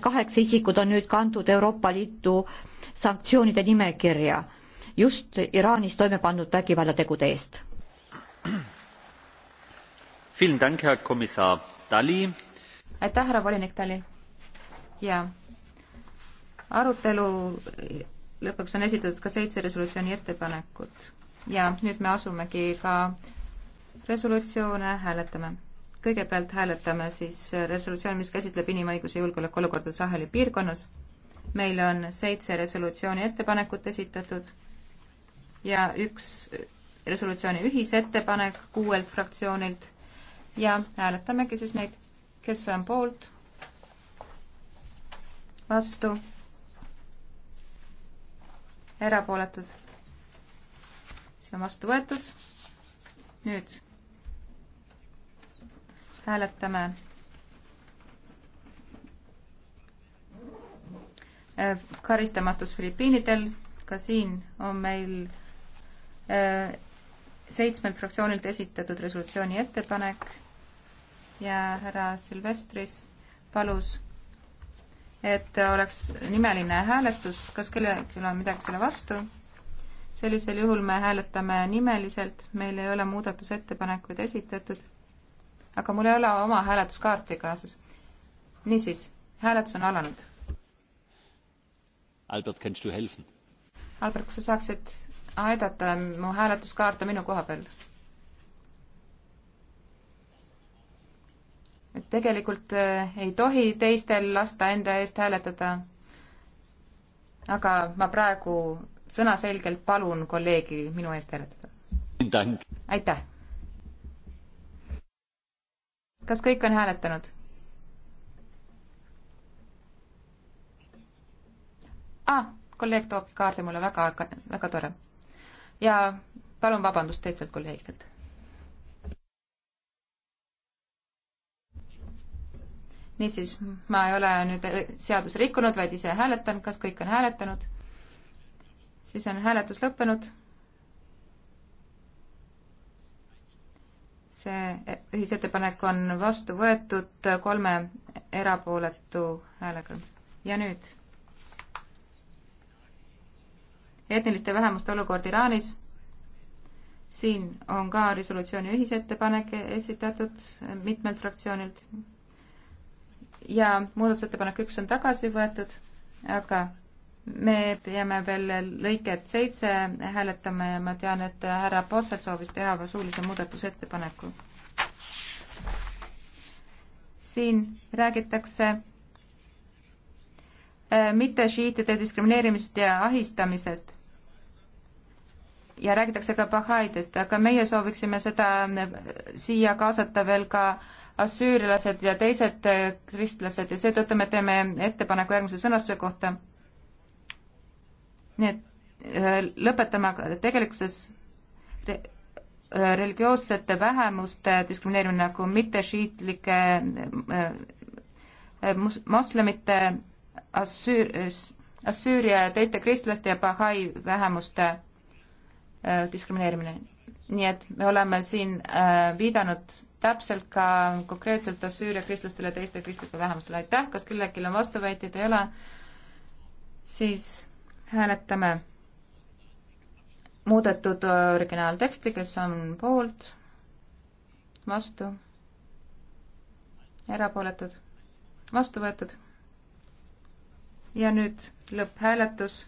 kaheksa isikut on nüüd kantud Euroopa Liidu sanktsioonide nimekirja just Iraanis toime pandud vägivallategude eest. aitäh, härra volinik Tali. ja arutelu lõpuks on esitatud ka seitse resolutsiooni ettepanekut ja nüüd me asumegi ka resolutsioone hääletama kõigepealt hääletame siis resolutsiooni, mis käsitleb inimõiguse julgeolekuolukorda Saheli piirkonnas. meil on seitse resolutsiooni ettepanekut esitatud ja üks resolutsiooni ühisettepanek kuuelt fraktsioonilt ja hääletamegi siis neid, kes on poolt, vastu, erapooletud. see on vastu võetud. nüüd hääletame karistamatus Filipiinidel, ka siin on meil äh, seitsmelt fraktsioonilt esitatud resolutsiooni ettepanek ja härra Silvestris palus, et oleks nimeline hääletus, kas kellelgi on midagi selle vastu? sellisel juhul me hääletame nimeliselt, meil ei ole muudatusettepanekuid esitatud aga mul ei ole oma hääletuskaarti kaasas. niisiis, hääletus on alanud. Albert, kannst du helfen? Albert, kas sa saaksid aidata mu hääletuskaarte minu koha peal? et tegelikult eh, ei tohi teistel lasta enda eest hääletada. aga ma praegu sõnaselgelt palun kolleegi minu eest hääletada. aitäh! kas kõik on hääletanud? ah, kolleeg toob kaardi mulle väga, väga tore. ja palun vabandust teistelt kolleegidelt. niisiis, ma ei ole nüüd äh, seadusi rikkunud, vaid ise hääletan, kas kõik on hääletanud? siis on hääletus lõppenud see ühisettepanek on vastu võetud kolme erapooletu häälega. ja nüüd? etniliste vähemuste olukord Iraanis. siin on ka resolutsiooni ühisettepanek esitatud mitmelt fraktsioonilt. ja muudatusettepanek üks on tagasi võetud, aga me peame veel lõiket seitse hääletama ja ma tean, et härra Posselt soovis teha suulise muudatusettepaneku. siin räägitakse äh, mitte šiitide diskrimineerimisest ja ahistamisest. ja räägitakse ka bahaidest, aga meie sooviksime seda äh, siia kaasata veel ka assüürlased ja teised äh, kristlased ja seetõttu me teeme ettepaneku järgmise sõnastuse kohta nii et äh, lõpetame tegelikkuses re äh, religioossete vähemuste diskrimineerimine nagu mitteschiitlike äh, moslemite, assüür-, Assüüria ja teiste kristlaste ja Bahai vähemuste diskrimineerimine. nii et me oleme siin viidanud täpselt ka konkreetselt Assüüria kristlastele ja teiste kristlike vähemustele. aitäh, kas kellelgi on vastuväiteid, ei ole? siis hääletame muudetud originaalteksti, kes on poolt, vastu, erapooletud, vastu võetud. ja nüüd lõpphääletus.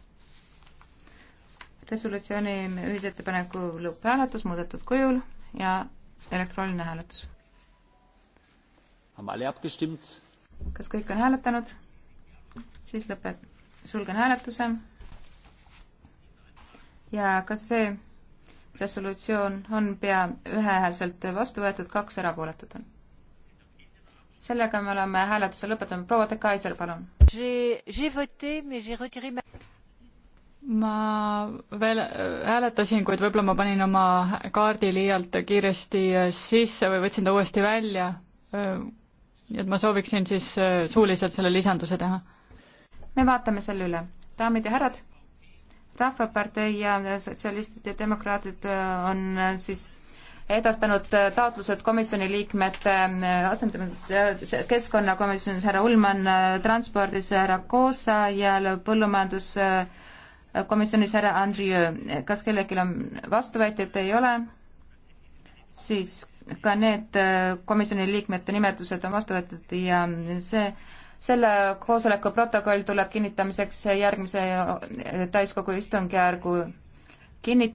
resolutsiooni ühisettepaneku lõpphääletus muudetud kujul ja elektrooniline hääletus. kas kõik on hääletanud? siis lõpet-, sulgen hääletuse ja ka see resolutsioon on pea ühehäälselt vastu võetud, kaks erapooletut on. sellega me oleme hääletuse lõpetanud, proua De Kaiser, palun. ma veel äh, hääletasin, kuid võib-olla ma panin oma kaardi liialt kiiresti äh, sisse või võtsin ta uuesti välja. Äh, et ma sooviksin siis suuliselt selle lisanduse teha. me vaatame selle üle. daamid ja härrad rahvapartei ja sotsialistid ja demokraadid äh, on äh, siis edastanud äh, taotlused komisjoni liikmete asendamiseks keskkonnakomisjonis härra Ullmann, transpordis härra Koosa ja põllumajanduskomisjonis härra Andrieu. kas kellelgi on vastuväiteid, ei ole? siis ka need komisjoni liikmete nimetused on vastu võetud ja see selle koosoleku protokoll tuleb kinnitamiseks järgmise täiskogu istungjärgu kinnit-.